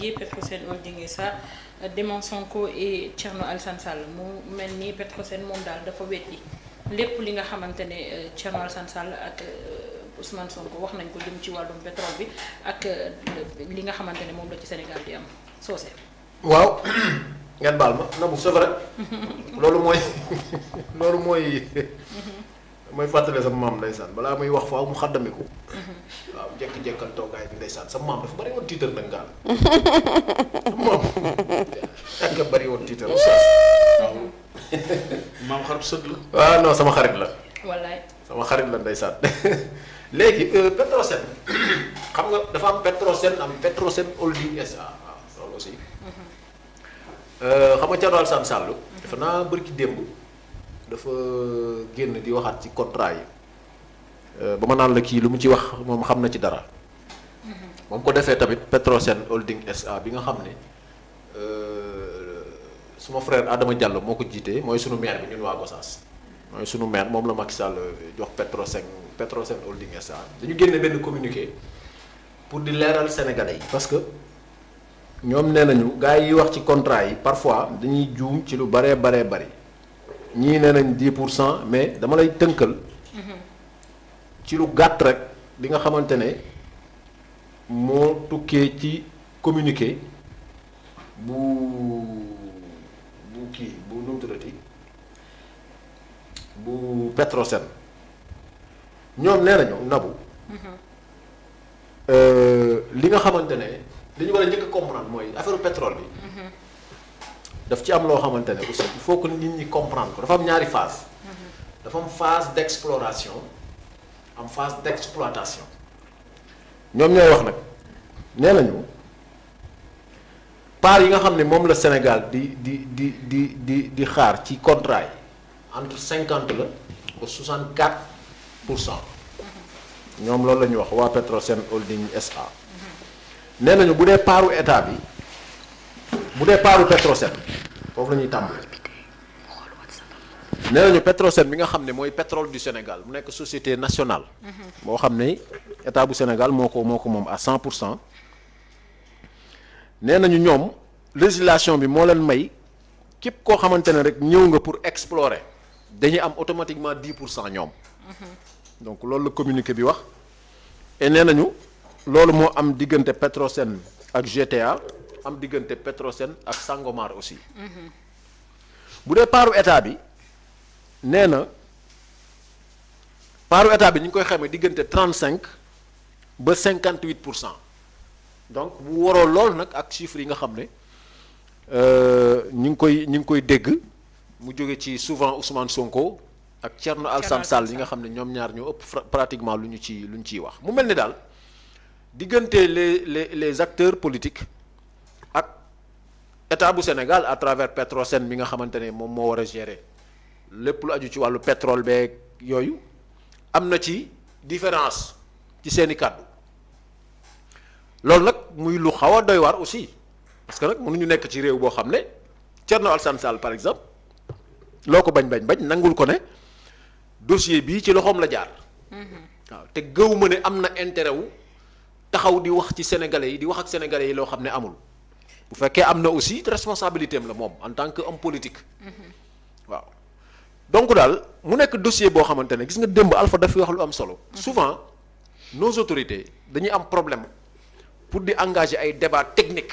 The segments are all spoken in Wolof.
lié Petrosen Holding et ça Démon Sonko et Thierno Alassane Sall mu mel ni Petrosen moom daal dafa weddi lépp li nga xamante ne euh, Thierno Alassane Sall ak euh, Ousmane Sonko wax nañ ko jëm ci wàllum pétrole bi ak euh, li nga xamante ne moom la ci Sénégal di am soose. waaw ngeen baal ma Nabou c'est vrai loolu mooy loolu mooy. Mhm. mooy fàttale sama maam ndeysaan balaa muy wax faaw mu xàddamiku waaw jekk-jekkal toogaay bi ndeysaan sama maam dafa bëri woon tiitar nag ngaan maam nga bëri woon tiitar maam xarit sëg la waaw ah, non sama xarit la wallaay sama xarit la ndeysaan léegi euh, Petrosen xam nga dafa am Petrosen am Petrosen Holding SA waaw loolu aussi mhm. euh, xam nga Thierno Alassane Sall mhm. dafa naa bërki démb dafa génn di waxaat ci contrat yi euh, ba ma naan la kii lu mu ci wax moom xam na ci dara mm-hmm. moom ko defee tamit Petrosen Holding SA bi nga xam ne euh, suma frère Adama Diallo moo ko jiitee mooy sunu maire bi ñun waa Gossas mooy sunu maire moom la Macky Sall euh, jox Petrosen Petrosen Holding SA dañu génne benn communiqué pour di leeral Sénégalais yi parce que ñoom nee nañu gars yi wax ci contrat yi parfois dañuy juum ci lu baree baree bari ñii nee nañ 10 pour cent mais dama lay tënkal ci lu gàtt rek li nga xamante ne moo tukkee ci communiqué bu bu kii bu nu mu tuddati bu Petrosen ñoom nee nañu nabu mhm. euh, li nga xamante ne li ñu war a njëkk comprendre mooy affaire pétrole bi daf ci am loo xamante ne aussi il faut nit ñi comprendre ko dafa am ñaari phase dafa am phase d'exploration am phase d'exploitation ñoom ñooy wax nag nee nañu part yi nga xam ne moom la Sénégal di di di di di di xaar ci contrat yi entre cinquante la ba soixante quatre pour cent ñoom loolu la ñuy wax waa seen Holding SA nee nañu bu dee paaru état bi. bu dee paaru Petrosen foofu la ñuy tàmbali nee nañu Petrosen bi nga xam ne mooy pétrole du Sénégal mu nekk société nationale. moo mm-hmm. xam ne état bu Sénégal moo ko moo moom à cent pour cent nee nañu ñoom législation bi moo leen may képp koo xamante ne rek ñëw nga pour explorer dañuy am automatiquement dix pour cent ñoom. Mm-hmm. donc loolu la communiqué bi wax et nee nañu loolu moo am diggante Petrosen ak GTA. am diggante Petrosen ak Sangomar aussi. bu dee paaru état bi nee na paaru état bi ñu ngi koy xamee diggante trente cinq ba cinquante huit pour cent donc bu waroo lool nag ak chiffres yi nga xam ne euh, ñu ngi koy ñu ngi koy dégg mu jóge ci souvent Ousmane Sonko ak Thierno Alassane Sall yi nga xam ne ñoom ñaar ñoo ëpp pratiquement lu ñu ci lu ñu ciy wax mu mel ni daal diggante le les les acteurs politiques. état bu Sénégal à travers Petrosen bi nga xamante ne moom moo war a gérer lépp lu aju ci wàllu pétrol beeg yooyu am na ci différence ci seeni kàddu loolu nag muy lu xaw a doy waar aussi parce que nag ñu nekk ci réew boo xam ne Thierno Alassane Sall par exemple loo ko bañ bañ bañ nangul ko ne dossier bii ci loxoom la jaar. Mm-hmm. waaw te gëw ma ne am na intérêt wu taxaw di wax ci sénégalais yi di wax ak sénégalais yi loo xam ne amul. bu fekkee am na aussi responsabilité am la moom en tant que homme politique. Mm-hmm. waaw donc daal mu nekk dossier boo xamante ne gis nga démb Alpha daf fi wax lu am solo. Mm-hmm. souvent nos autorités dañuy am problème pour di engager ay débat technique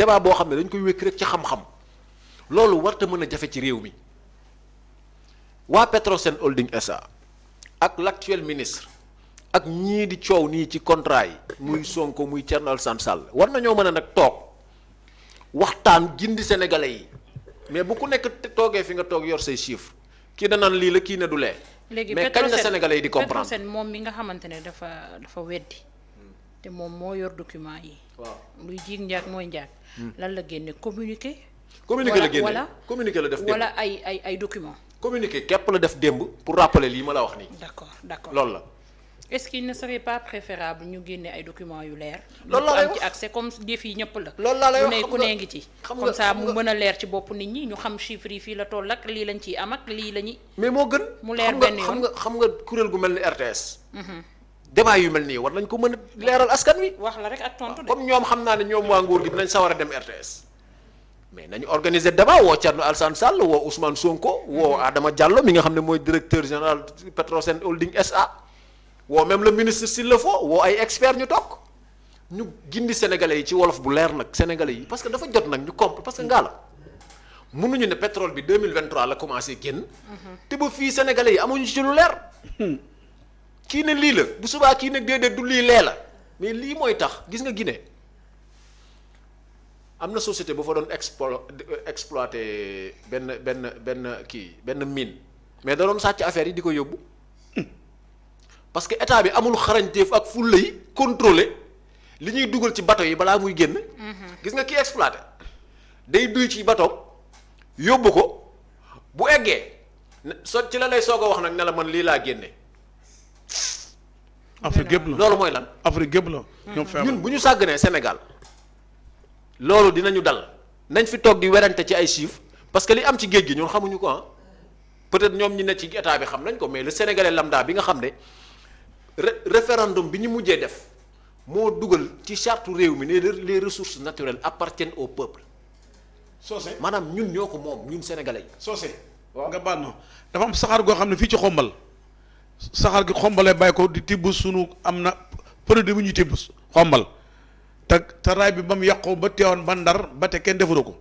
débat boo xam ne dañ koy wékk rek ci xam-xam loolu warta mën a jafe ci réew mi waa Petrosen Holding SA ak l'actuel ministre. ak ñii di coow nii ci contrat yi muy Sonko muy Thierno Alassane Sall war nañoo mën a nag toog waxtaan gindi sénégalais yi mais bu ku nekk toogee fi nga toog yor say chiffres kii da naan lii la kii ne du lee. léegi mais kañ la yi di comprendre Petrosen moom mi nga xamante ne dafa dafa weddi. te moom moo yor document yi. waaw luy jiig njaag mooy njaag. Hmm. lan la génne communiqué. communiqué la génne wala communiqué la def démb wala ay ay ay document communiqué képp la def démb pour rappeler lii ma la wax nii. d'accord d'accord loolu la. est-ce qu'il ne serait pas préférable ñu génne ay documents yu leer. loolu laa lay ci accès comme jëf yi la. loolu laa lay wax ku comme ça mu mën a leer ci bopp nit ñi ñu xam chiffres fii la toll ak lii lañ ciy am ak lii la mais moo gën mu leer benn yoon xam nga xam nga kuréel gu mel ni RTS. Mhm. débat yu mel nii war nañ ko mën a leeral askan wi. wax la rek ak tontu de comme ñoom xam naa ne ñoom waa nguur gi dinañ sawar a dem RTS. mais nañu organiser débat woo Thierno Alassane Sall xam ne mooy directeur général Petrosen woo même le ministre si le faut woo ay experts ñu toog ñu gindi sénégalais yi ci wolof bu leer nag sénégalais yi parce que dafa jot nag ñu compte parce que ngaa la mënuñu ne pétrole bi 2023 la commencé génn. Mhm. te ba fii sénégalais yi amuñu ci lu leer. Hmm. kii ne lii la bu subaa kii ne déedéet du lii lee la mais lii mooy tax gis nga Guinée am na société ba fa doon explo exploité benn benn benn kii benn miine mais da doon sàcc affaire yi di ko yóbbu. parce que état bi amul xarañteef ak fulla yi contrôler li ñuy dugal ci bato yi balaa muy génn. gis nga kii exploité day duy ci batoom yóbbu ko bu eggee so ci la lay soog a wax nag ne man lii laa génne. Afrique gépp la loolu mooy lan. Afrique gépp la. bu ñu sàgganee senegal loolu dinañu dal nañ fi toog di werante ci ay chiffres parce que li am ci géej gi ñun xamuñu ko ah peut-être ñoom ñi ne ci état bi xam nañ ko mais le sénégalais lambda bi nga xam ne. référendum bi ñu mujjee def moo dugal ci charte réew mi ne les ressources naturelles appartiennent au peuple. soose maanaam ñun ñoo ko moom ñun sénégalais yi. soose waaw nga baal dafa am saxaar goo xam ne fii ci xombal saxaar gi xombalee bàyyi ko di tibb sunu am na produit bu ñu tibb xombal te te raay bi ba mu yàqoo ba teewoon ba ndar ba te kenn defaru ko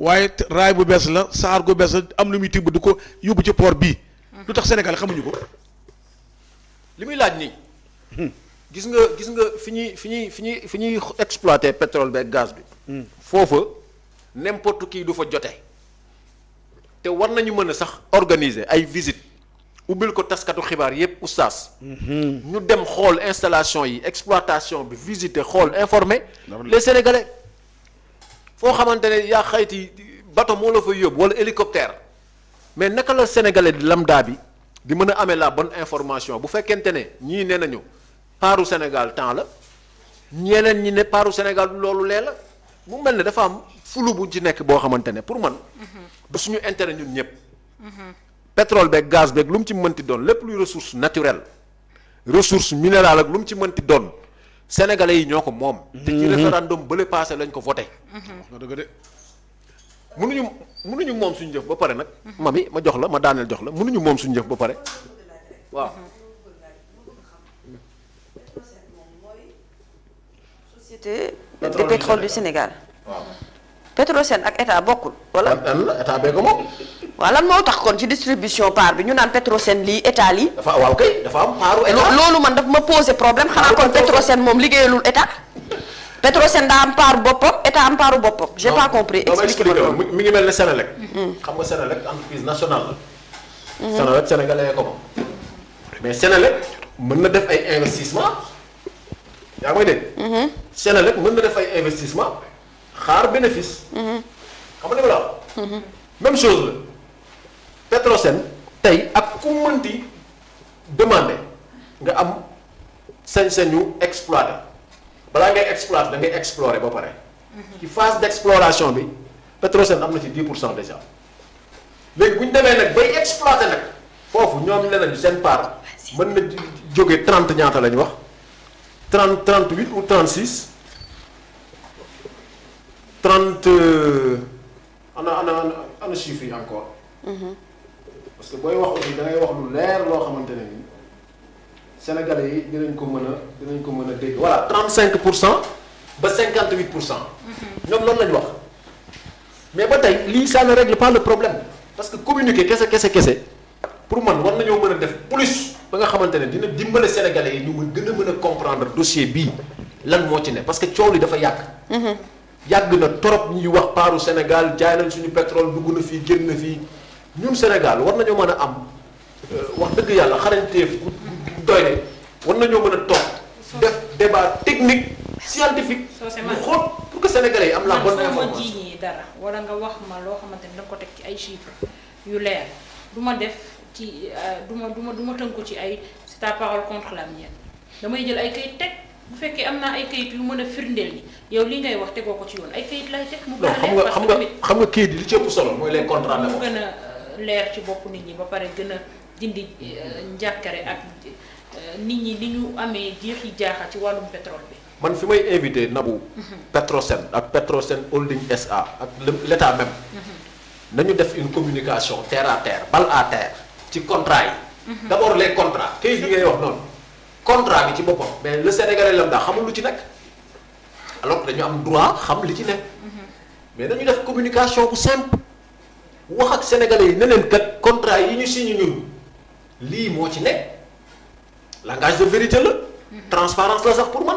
waaye raay bu bees la saxaar gu bees la am lu muy tibb du ko yóbbu ci port bii. Hmm. lu tax sénégalais xamuñu ko. li muy laaj nii gis nga gis nga fi ñuy fi ñuy fi ñuy fi ñuy exploité pétrole bi ak gaz bi foofa n'importe kii du fa jote te war nañu mën a sax organiser ay visite ubbil ko taskatu xibaar yépp oustaz ñu dem xool installation yi exploitation bi visiter xool informer les sénégalais foo xamante ne yaa xayti bato moo la fa yóbbu wala hélicoptère mais naka la sénégalais di lambda bi di mën a amee la bonne information bu fekkente ne ñii nee nañu paaru Sénégal temps la ñeneen ñi ne paaru Sénégal loolu lee la mu mel ne dafa am fulu bu ci nekk boo xamante ne pour man. du suñu intérêt ñun ñëpp. pétrole beeg gaz beeg lu mu ci mënti doon lépp luy ressource naturel ressource minérale ak lu mu ci mënti doon sénégalais yi ñoo ko moom. te ci mhm. référendum bële passé lañ ko voté. mënuñu mënuñu moom suñ jëf ba pare nag. mami ma jox la ma daaneel jox la mënuñu moom suñu jëf ba pare waaw. société de pétrole ak état bokkul wala. lan la état bee ko moom. waaw lan moo tax kon ci distribution part bi ñu naan Petrosen lii état lii. dafa waaw kay am. paaru état loolu man daf ma posé problème xanaa kon Petrosen moom liggéeyalul état. Petrosen daa am part boppam état am part boppam. j'ai pas compris expliqué ma ngi mel ne Sénélec. Mm. xam nga Sénélec entreprise nationale la. Mm-hmm. Sénélec sénégalais ko mais Sénélec mën na def ay investissement yaa ngi may dégg. Mm-hmm. Sénélec mën na def ay investissement xaar bénéfice. Mm-hmm. xam la même chose la Petrosen tey ak ku mënti demander nga am sañ-sañu exploiter. balaa ngay exploiter da ngay explorer ba pare. Mhm. ci phase d' exploration bi Petrosen am na ci 10 pour cent déjà léegi bu ñu demee nag bay exploiter nag foofu ñoom ne nañu seen part mën na jóge 30 ñaata la ñu wax 30 38 ou 36 30 ana ana ana chiffre yi encore. Mhm. parce que booy wax aussi da ngay wax lu leer loo xamante ne nii. Sénégalais yi dinañ ko mën a dinañ ko mën a dégg waa voilà cinq pour cent ba 58 pour cent. Mhm. ñoom loolu la ñu wax mais ba tey lii ça ne règle pas le problème parce que communiquer kese kese kese pour man war nañoo mën a def plus ba nga xamante ne dina dimbale Sénégalais yi ñu gën a mën a comprendre dossier bi lan moo ci ne parce que coow li dafa yàgg. Mhm. yàgg na trop ñuy wax paaru Sénégal jaay nañ suñu pétrole dugg na fii génn na fii ñun Sénégal war nañoo mën a am euh, dëgg yàlla xarañteef. doy war nañoo mën a toog def débat technique scientifique bu xool pour que sénégalais yi am la bonne information man soo ma dara wala nga wax ma loo xamante ni da ko teg ci ay chiffres yu leer du ma def ci euh, du ma du ma du ma tënku ci ay c'est ta parole contre la mienne damay jël ay kayit teg bu fekkee am naa ay kayit yu mën a firndeel ni yow li ngay wax tegoo ko ci yoon ay kayit lay teg mu gën a leer parce que xam nga xam nga kayit yi li solo mooy les contrats mu gën euh, leer ci bopp nit ñi ba pare gën a dindi euh, njàkkare ak Euh, nit ñi li ñu amee jeexi jaaxa ci wàllum pétrole bi. man fi may invité Nabou. Petrosen ak Petrosen Holding SA ak l'État même. Mhm. nañu def une communication terre à terre balle à terre ci contrat yi. Mhm. d'abord les contrats kayit bi ngay wax noonu. contrat bi ci boppam mais le Sénégalais lam daa xamul lu ci nekk alors que dañu am droit xam li ci nekk. Mhm. mais nañu def communication bu simple wax ak sénégalais yi ne leen contrat yi ñu signé ñun lii moo ci nekk. langage de vérité la. transparence la sax pour man.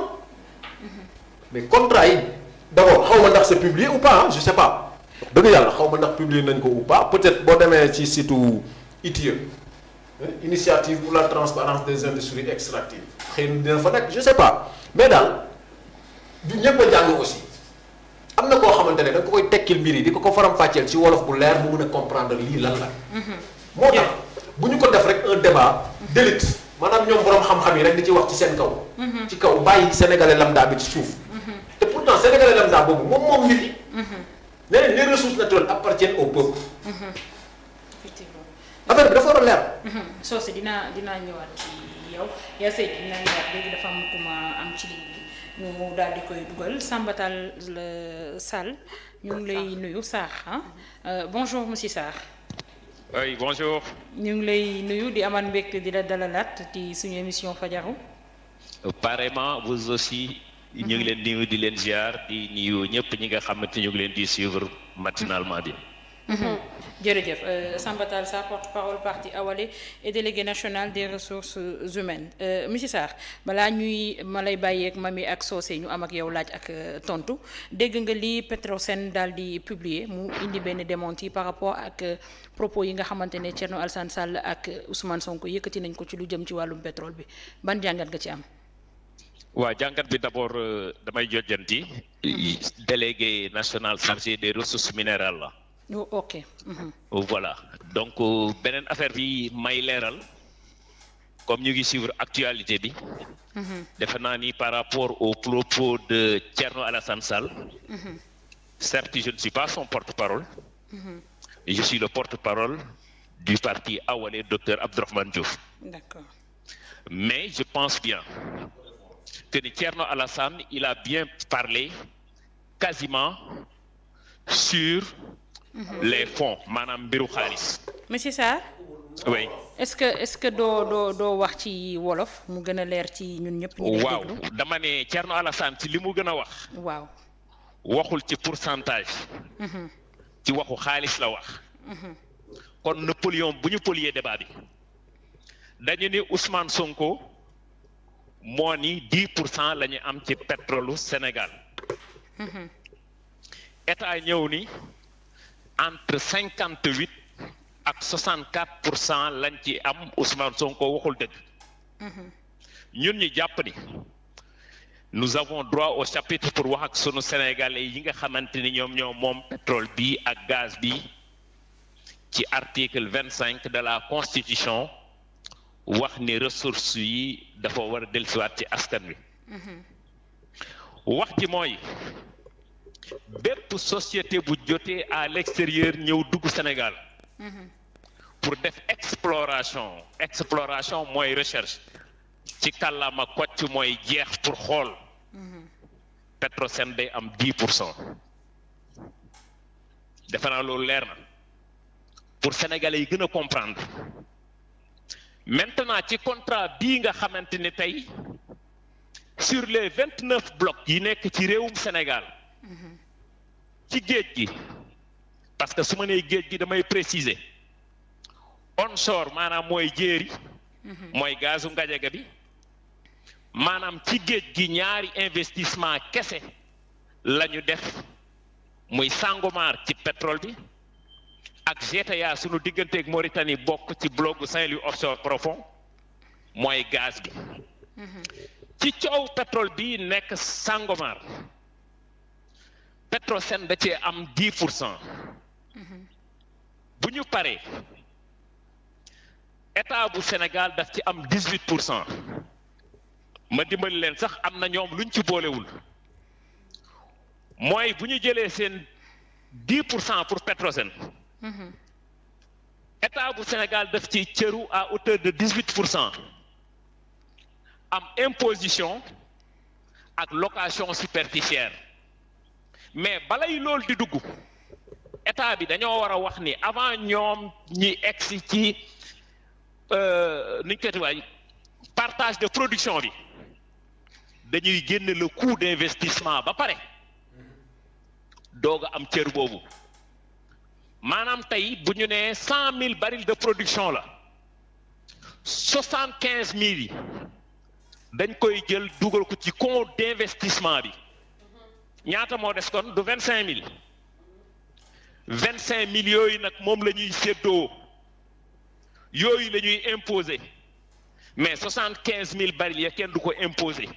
mais contrat yi d' abord xaw ma ndax c' est publié ou pas je sais pas. dëgg yàlla xaw ma ndax publier nañ ko ou pas peut-être boo demee ci site ITIE initiative pour la transparence des industries extractives xëy na dina fa nekk je sais pas mais daal du ñëpp a jàng aussi am na koo xamante ne da nga koy tekkil mbir yi di ko ko faram-fàcceel ci wolof bu leer bu mën a comprendre lii lan la. Mhm. moo tax bu ñu ko def rek un débat maanaam ñoom borom xam-xam yi rek di ci wax ci seen kaw. Mhm. ci kaw bàyyi sénégalais lambda bi ci suuf. Mhm. te pourtant sénégalais lambda boobu moom moom nit yi. nee nañ les ressources naturelles appartiennent au peuple. Mhm. effectivement bi dafa war a leer. soo si dinaa dinaa ñëwaat ci yow yaa sëy dinaa ñëwaat dafa am ma am ci ligne bi ñu daal di koy dugal Samba Tall euh, Sall ñu ngi lay nuyu Sarr ah bonjour monsieur Sarr. oui bonjour. ñu ngi lay nuyu di aman mbégte di la dalalaat ci suñu émission fajaru. pareillement vous aussi. ñu ngi mhm. leen nuyu di leen ziar di nuyu ñëpp ñi nga xamante ñu ngi leen di suivre matinalement bi. Mm-hmm. Hmm. jërëjëf euh, Samba Tall Sarr porte-parole parti national des ressources humaines euh, monsieur Sarr balaa ñuy ma lay ma mami ak soose ñu am ak yow laaj ak euh, tontu dégg nga li sen daal di publier mu indi benn démenti par rapport ak propos yi nga xamante ne Thierno Alassane Sall ak Ousmane sonk yëkkati nañ ko ci lu jëm ci wàllum pétrole bi ban jàngat nga ci am. waa jàngat bi d'abord damay jojjanti mm-hmm. délégué national chargé des ressources minérales la. Oh, ok. Mm voilà donc euh, beneen affaire bi may leeral comme ñu ngi suivre actualité bi. Mm -hmm. defe naa ni par rapport aux propos de Thierno Alassane Sall. Mm -hmm. certes je ne suis pas son porte-parole. Mhm. je suis le porte-parole du parti Awalé docteur Abdourahmane Diouf. d'accord. mais je pense bien que ni Thierno Alassane il a bien parlé quasiment sur. Mm-hmm. les fonds maanaam mbiru xaalis. monsieur Sarr. est-ce que est-ce que doo doo doo wax ci wolof mu gën a leer ci ñun ñëpp. ñu waaw dama ne Thierno Alassane ci li mu gën a wax. waaw waxul ci pourcentage. Mm-hmm. ci waxu xaalis la wax. Mm-hmm. kon Napoléon bu ñu polier débat bi dañu ni Ousmane Sonko moo ni dix cent la ñu am ci petrolu Sénégal. état ñëw ni. entre cinquante huit ak soixante quatre pour cent lañ ci am Ousmane Sonko waxul dëgg. Mhm. ñun ñu jàpp ni nous avons droit au chapitre pour wax ak sunu sénégalais yi nga xamante ni ñoom ñoo moom pétrole bi ak gaz bi ci article vingt cinq de la constitution wax ni ressource yi dafa war a dellusiwaat ci askan wi. Mhm. wax ji mooy. bépp société bu jotee à l'extérieur ñëw dugg Sénégal pour def exploration exploration mooy recherche ci kàllaama kocc mooy jeex pour xool Petrosen day am dix pour cent defe naa loolu leer na pour sénégalais yi gën a comprendre maintenant ci contrat bii nga xamante ni tey sur les vingt neuf blocs yi nekk ci réewum Sénégal. ci géej gi parce que su ma nee géej gi damay préciser onshore maanaam mooy jéeri mhm. mooy gazu ngajaga bi maanaam ci géej gi ñaari investissement kese la ñu def muy Sangomar ci pétrole bi ak GTA sunu digganteeg Mauritanie bokk ci bloc Saint-Louis offshore profond mooy gaz bi mhm. ci coow pétrole bi nekk Sangomar Petrosen da cee am dix pour cent mhm. bu ñu paree état bu Sénégal daf ci am dix huit pour cent ma dimbali leen sax am na ñoom luñ ci boolewul mooy bu ñu jëlee seen dix pour cent pour Petrosen mhm. état bu Sénégal daf ci cëru à hauteur de dix huit pour cent am imposition ak location superficielle. mais balay loolu di dugg état bi dañoo war a wax ni avant ñoom ñi egsi ci euh, nuñ koy waay partage de production bi dañuy génne le coût d'investissement ba pare doog a am cër boobu maanaam tey bu ñu nee cent mille barils de production la soixante quinze mille yi dañ koy jël dugal ko ci compte d'investissement bi. ñaata moo des kon du vingt cinq mille vingt cinq mille yooyu nag moom la ñuy séddoo yooyu la ñuy imposer mais soixante quinze mille baril ya kenn du ko imposer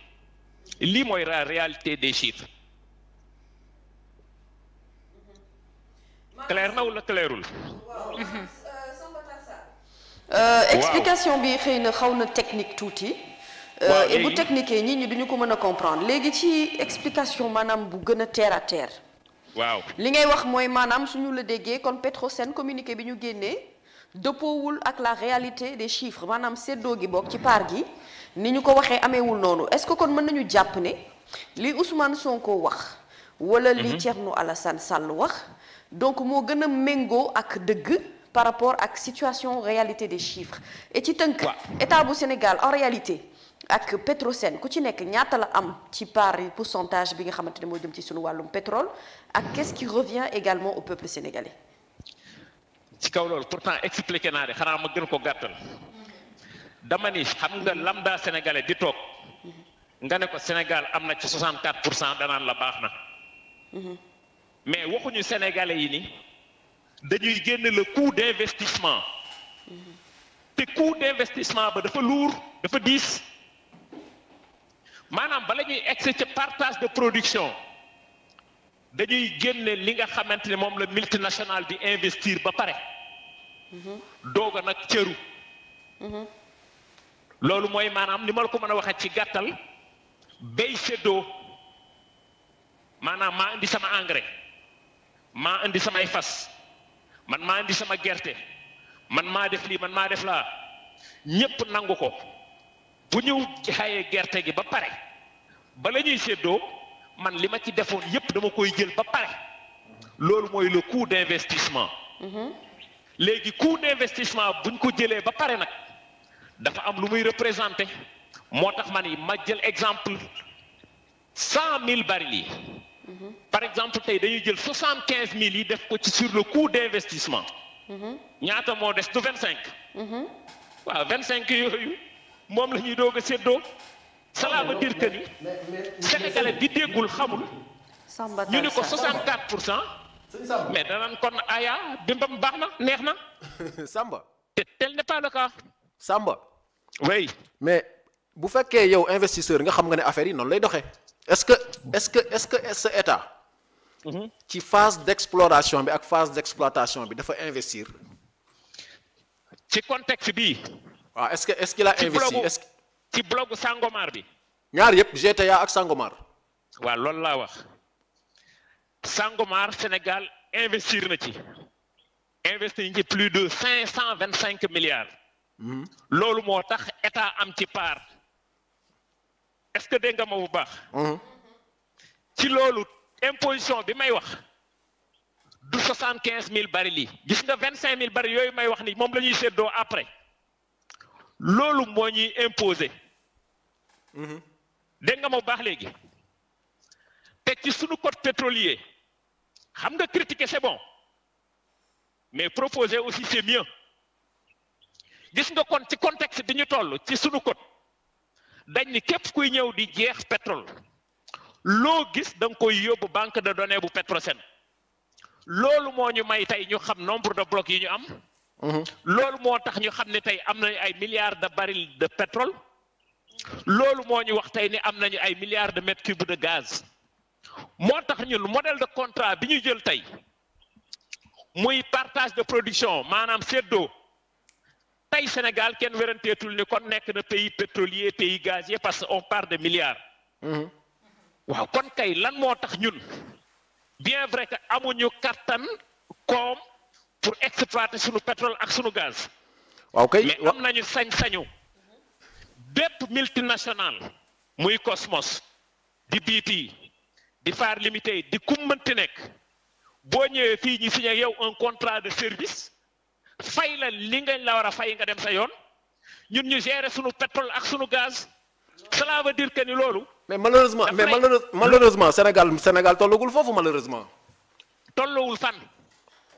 lii mooy la réalité des chiffres clair na wala clairul euh, euh, explication bi xaw na technique tuuti Euh, et bu technique yi ñi duñu ko mën a comprendre léegi ci explication maanaam bu gën a terre waaw li ngay wax mooy maanaam suñu la déggee kon Petrosen communiqué bi ñu génnee dëppoowul ak la réalité des chiffres maanaam séddoo gi bokk ci paar gi ni ñu ko waxee ameewul noonu est-ce que kon mën nañu jàpp ne li son Sonko wax. wala li mhm. Thierno Alassane Sall wax. donc moo gën a méngoo ak dëgg par rapport ak situation réalité des chiffres. et ci tënk état bu Sénégal en réalité. ak Petrosen ku ci nekk ñaata la am ci part pourcentage bi nga xamante ne moo jëm ci suñu wàllum pétrole ak qu'est-ce qui revient également au peuple sénégalais. ci kaw loolu pourtant expliqué naa de xanaa ma gën ko gàttal dama ni xam nga lambda sénégalais di toog nga ne ko Sénégal am na ci 64 pour cent danaan la baax na. mais waxuñu sénégalais yi ni dañuy génn le coût d'investissement. te coût d'investissement ba dafa lourd dafa diis. maanaam bala ñuy egsi ca partage de production dañuy génne li nga xamante ne moom la multinationale di investir ba pare mm-hmm. doog a nag cëru mm-hmm. loolu mooy maanaam ni ma la ko mën a waxee ci gàttal bay séddoo maanaam maa indi sama engrais maa indi samay fas man maa indi sama gerte man maa def lii man maa def laa ñépp nangu ko bu ñu xayee gerte gi ba pare ba la ñuy séddoo man li ma ci defoon yépp dama koy jël ba pare loolu mooy le coût d'investissement mm-hmm. léegi coût d'investissement bu ñu ko jëlee ba pare nag dafa am lu muy représenter moo tax ma ni ma jël exemple cent mille barils yi mm-hmm. par exemple tey dañuy jël soixante quinze mille yi def ko ci sur le coût d'investissement mm-hmm. ñaata moo des du vingt cinq waaw vingt cinq yooyu moom la ñuy doog a séddoo cela veut ni sénégalais bi déggul xamul ñu ni ko 64 pour cent mais danaan kon aya bimbam baax na neex na samba te tel n'est pas le samba oui mais bu fekkee yow investisseur nga xam nga ne affaire yi noonu lay doxee est-ce que est-ce que est-ce que ce mhm. ci phase d'exploration bi ak phase d'exploitation bi dafa investir ci contexte bi waaw ah, est-ce que est-ce qu'il a investi ci blogu Sangomar bi. ñaar yëpp GTA ak Sangomar. waaw loolu laa wax Sangomar Sénégal investir na ci. investir ci plus de cinq cent vingt cinq milliards. Hmm. loolu moo tax état am ci part. est-ce que dégg nga ma bu baax. Hmm. ci loolu imposition bi may wax. du soixante quinze mille baril yi gis nga vingt cinq mille baril yooyu may wax ni moom lañuy ñuy séddoo après. loolu moo ñuy imposer. Mhm. dégg nga ma baax léegi te ci sunu code pétrolier xam nga critiquer c'est bon mais proposer aussi c'est mieux gis nga kon ci contexte bi ñu toll ci sunu code dañ ni képp kuy ñëw di jeex pétrole loo gis da koy yóbbu banque de données bu Petrosen loolu moo ñu may tey ñu xam nombre de blocs yi ñu am. Mm-hmm. loolu moo tax ñu xam ne tey am nañu ay milliards de barils de pétrole loolu moo ñu wax tey ni am nañu ay milliards de mètres cubes de gaz moo tax ñun modèle de contrat bi ñu jël tey muy partage de production maanaam séddoo tey Sénégal kenn weranteetul ni kon nekk na pays pétrolier pays gazier parce que on parle de milliards mm-hmm. waaw kon kay lan moo tax ñun bien vrai que amuñu kattan koom pour exploiter suñu pétrole ak suñu gaz. waaw kay mais am nañu sañ-sañu bépp multinational muy Cosmos di BP di Far Limited di kummanti nekk boo ñëwee fii ñi signé yow un contrat de service fay la li nga la war a fay nga dem sa yoon ñun ñu gérer suñu pétrole ak suñu gaz cela veut dire que ni loolu. mais malheureusement mais malheureusement Sénégal Sénégal tollagul foofu malheureusement. tollawul fan.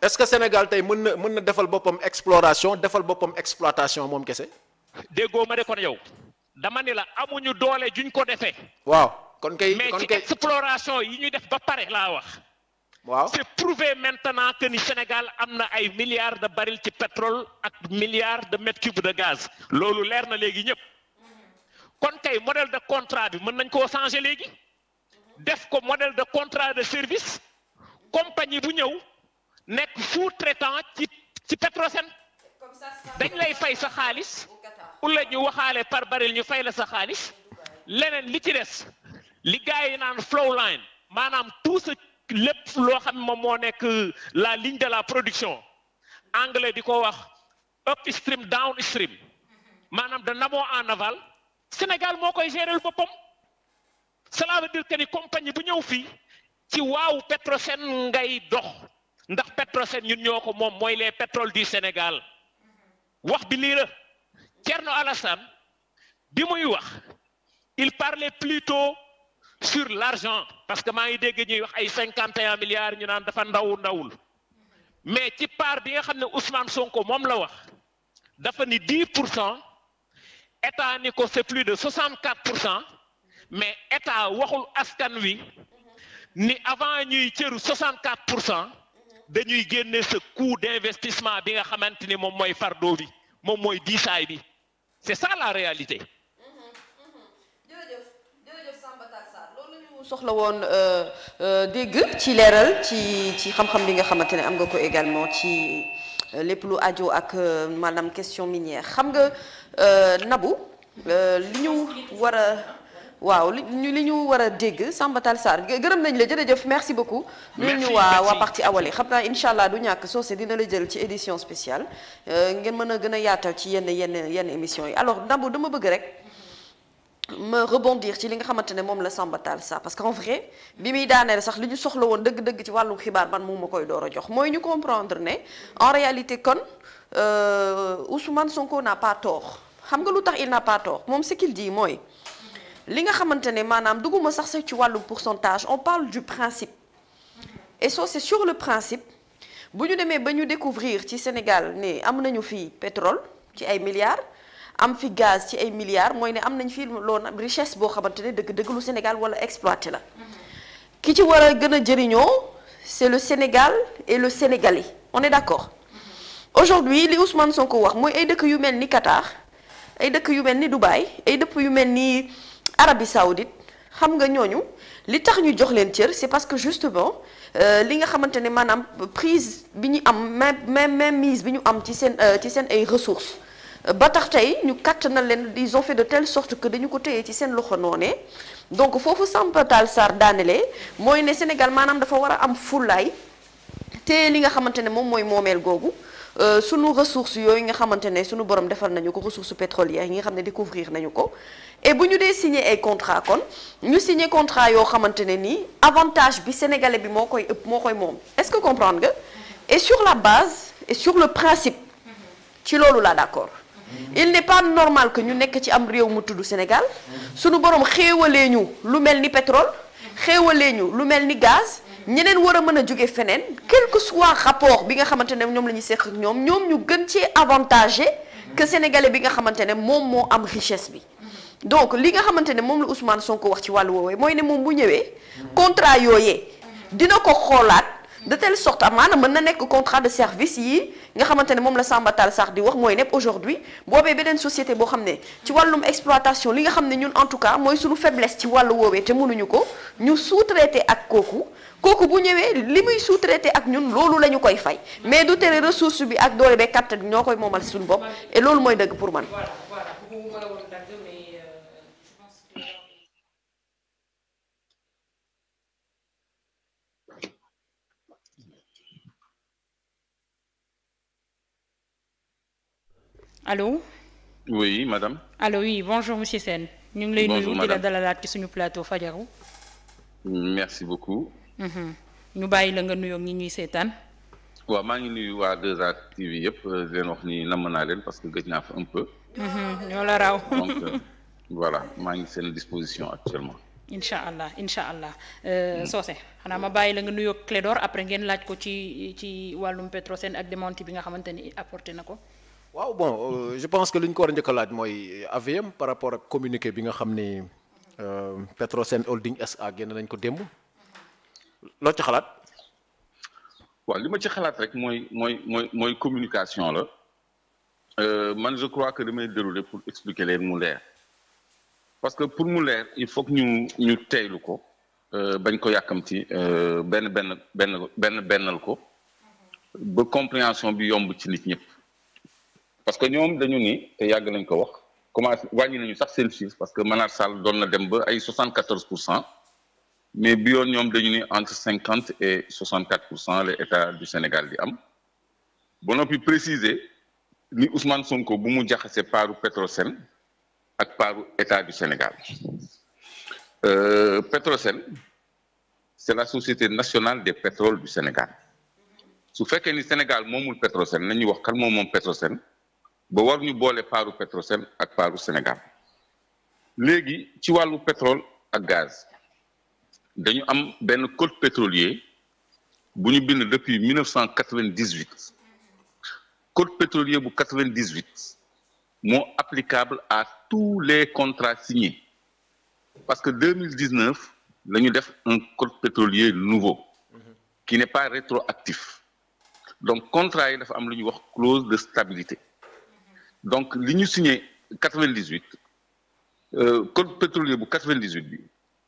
est-ce que Sénégal tey mën na mën na defal boppam exploration defal boppam exploitation moom kese. déggoo ma de kon yow. dama ni la amuñu doole juñ ko defee. waaw kon kay kon kay yi ñu def ba pare laa wax. waaw c'est prouvé maintenant que ni Sénégal am na ay milliards de barils ci pétrole ak milliards de mètres de gaz. loolu leer na léegi ñëpp. kon tey modèle de contrat bi mën nañ koo changer léegi. def ko modèle de contrat de service. compagnie bu ñëw. nekk sous-traitant ci ci Petrosen dañ lay fay sa xaalis ula ñu waxaale par baril ñu fay la sa xaalis leneen li ci des li gars yi naan flow maanaam tout ce loo xam ne moom moo nekk euh, la ligne de la production anglais di ko wax up stream down stream maanaam danamo en naval Sénégal moo koy gérer boppam cela veut que ni compagnie bu ñëw fii ci waaw Petrosen ngay dox ndax Petrosen ñun ñoo ko moom mooy les pétroles du Sénégal wax bi lii la Thierno Alassane bi muy wax il plus plutôt sur l'argent parce que maa ngi dégg ñuy wax ay cinquante et un milliards ñu naan dafa ndaw ndawul mais ci part bi nga xam ne Ousmane Sonko moom la wax dafa ni dix pour cent état ni ko c'est plus de soixante quatre cent mais état waxul askan wi ni avant ñuy cëru soixante quatre pour cent dañuy génne sa coût d'investissement bi nga xamante ni moom mooy fardeau bi moom mooy diisaay bi c'est ça la réalité. Mm-hmm. Mm-hmm. jërëjëf jërëjëf soxla woon euh, euh, dégg ci leeral ci ci xam-xam bi nga xamante ne am nga ko également ci euh, lépp lu ajo ak maanaam question minière xam nga Nabou li ñu war waaw li ñu li ñu war a dégg Samba Tall Sarr gërëm nañ la jërëjëf merci beaucoup. merci ñu waa waa parti Awalé xam naa incha allah du ñàkk soose dina la jël ci édition spéciale euh, ngeen mën a gën a yaatal ci yenn yenn yenn émission yi alors Ndambu dama bëgg rek. ma rebondir ci li nga xamante ne moom la Samba Tall parce que qu'en vrai bi muy daaneel sax li ñu soxla woon dëgg-dëgg ci wàllu xibaar man moom ma koy door a jox mooy ñu comprendre ne en réalité kon euh, Ousmane Sonko n'a pas tort xam nga lu tax il n'a moom ce qu'il mooy. li nga xamante ne maanaam dugguma sax sax ci wàllu pourcentage on parle du principe et ça c'est sur le principe bu ñu demee ba ñu découvrir ci Sénégal ne am nañu fi pétrole ci ay milliards am fi gaz ci ay milliards mooy ne am nañ fi loolu richesse boo xamante ne dëgg-dëgg lu Sénégal wala exploité la ki ci war a gën a jëriñoo c'est le Sénégal et le Sénégalais on est d'accord aujourd'hui li Ousmane Sonko wax mooy ay dëkk yu mel ni Qatar ay dëkk yu mel ni Dubaï ay dëkk yu mel ni Arabie Saoudite xam nga ñooñu li tax ñu jox leen cër c'est parce que justement euh, li nga xamante ne maanaam prise bi ñu am main main main mise bi ñu am ci seen euh, ci seen ay ressource euh, ba tax tey ñu kattanal leen ils ont fait de telle sorte que dañu ko téye ci seen loxo noonee donc foofu Sampatal Sarr daanelee mooy ne Sénégal maanaam dafa war a am fullaay te li nga xamante ne moom mooy moomeel googu. Euh, sunu ressources yooyu nga xamante ne sunu borom defal nañu ko ressources pétrolières yi nga xam ne découvrir nañu ko et bu ñu dee signé ay contrat kon ñu signé contrat yoo xamante ne nii avantage bi sénégalais bi moo koy ëpp moo koy moom est-ce que comprendre nga et sur la base et sur le principe ci loolu laa d'accord il n'est pas normal que ñu nekk ci am réew mu tudd Sénégal sunu borom xéewalee ñu lu mel ni pétrole xéewalee ñu lu mel ni gaz ñeneen war a mën a jóge feneen quelque que soit rapport bi nga xamante ne ñoom la ñu seq ak ñoom ñoom ñu gën ci avantagé que sénégalais bi nga xamante ne moom moo am richesse bi donc li nga xamante ne moom la soo ko wax ci wàllu woowee mooy ne moom mu ñëwee contrat yooyee dina ko xoolaat de telle sorte maanaam mën na nekk contrat de service yi nga xamante ne moom la Samba Tall sax di wax mooy nepp aujourd'hui boobee beneen société boo xam ne ci wàllum exploitation li nga xam ne ñun en tout cas mooy suñu faiblesse ci wàllu woowee te mënuñu ko ñu sous ak kooku kooku bu ñëwee li muy sous ak ñun loolu lañu koy fay mais du tere ressource bi ak doole bee kàttan bi ñoo koy moomal suñu bopp loolu mooy dëgg pour man. alo oui madame. allo oui bonjour monsieur Sène. ñu ngi lay nuyu di la dalalaat ci suñu plateau fajaru. merci beaucoup. Mhm. ñu bàyyi la nga nuyoo ñi ñuy seetaan. waaw maa ngi nuyu waa 2A TV yëpp euh, di leen wax ni namm naa leen parce que gëj naa fa un peu. Mhm, ñoo la raw. Euh, maa ngi seen disposition actuellement. incha allah incha allah. Euh, Socé xanaa ma bàyyi la nga nuyoo Clédor après ngeen laaj ko ci ci wàllum Petrosen ak démenti bi nga xamante ni apporté na ko. waaw bon euh, je pense que li ñu ko war a njëkk a laaj mooy AVM par rapport ak communiqué bi nga xam ni euh, Petrosen Holding SA génn nañ ko démb loo ci xalaat. waaw li ma ci xalaat rek mooy mooy mooy mooy communication la euh, man je crois que damay dérouler pour expliquer leen mu leer parce que pour mu leer il faut que ñu ñu teylu ko euh, bañ ko yàkkamti benn benn benn benn bennal ko ba compréhension bi yomb ci nit ñëpp. parce que ñoom dañu ni te yàgg nañ ko wax commencé wàññi nañu sax seen chiffre parce que Manar Sall doon na dem ba ay soixante quatorze pour cent mais bi yoon ñoom dañu ni entre cinquante et soixante quatre pour cent le état du Sénégal di am ba noppi préciser li Ousmane Sonko bu mu jaxase paaru Petrosen ak paaru état du Sénégal euh, Petrosen c'est la société nationale de pétroles du Sénégal su fekkee ni Sénégal moomul Petrosen nañuy wax kan moom moom Petrosen ba war ñu boole paaru Petrosen ak paru Sénégal léegi ci wàllu pétrole ak gaz dañu am benn code pétrolier bu ñu bind depuis 1998 code pétrolier bu 98 moo applicable à tous les contrats signés parce que 2019 la ñu def un code pétrolier nouveau qui n'est pas rétroactif donc contrats yi dafa am lu ñuy wax clause de stabilité donc li ñu signé quatre-vingt-dix-huit euh, code pétrolier bu quatre bi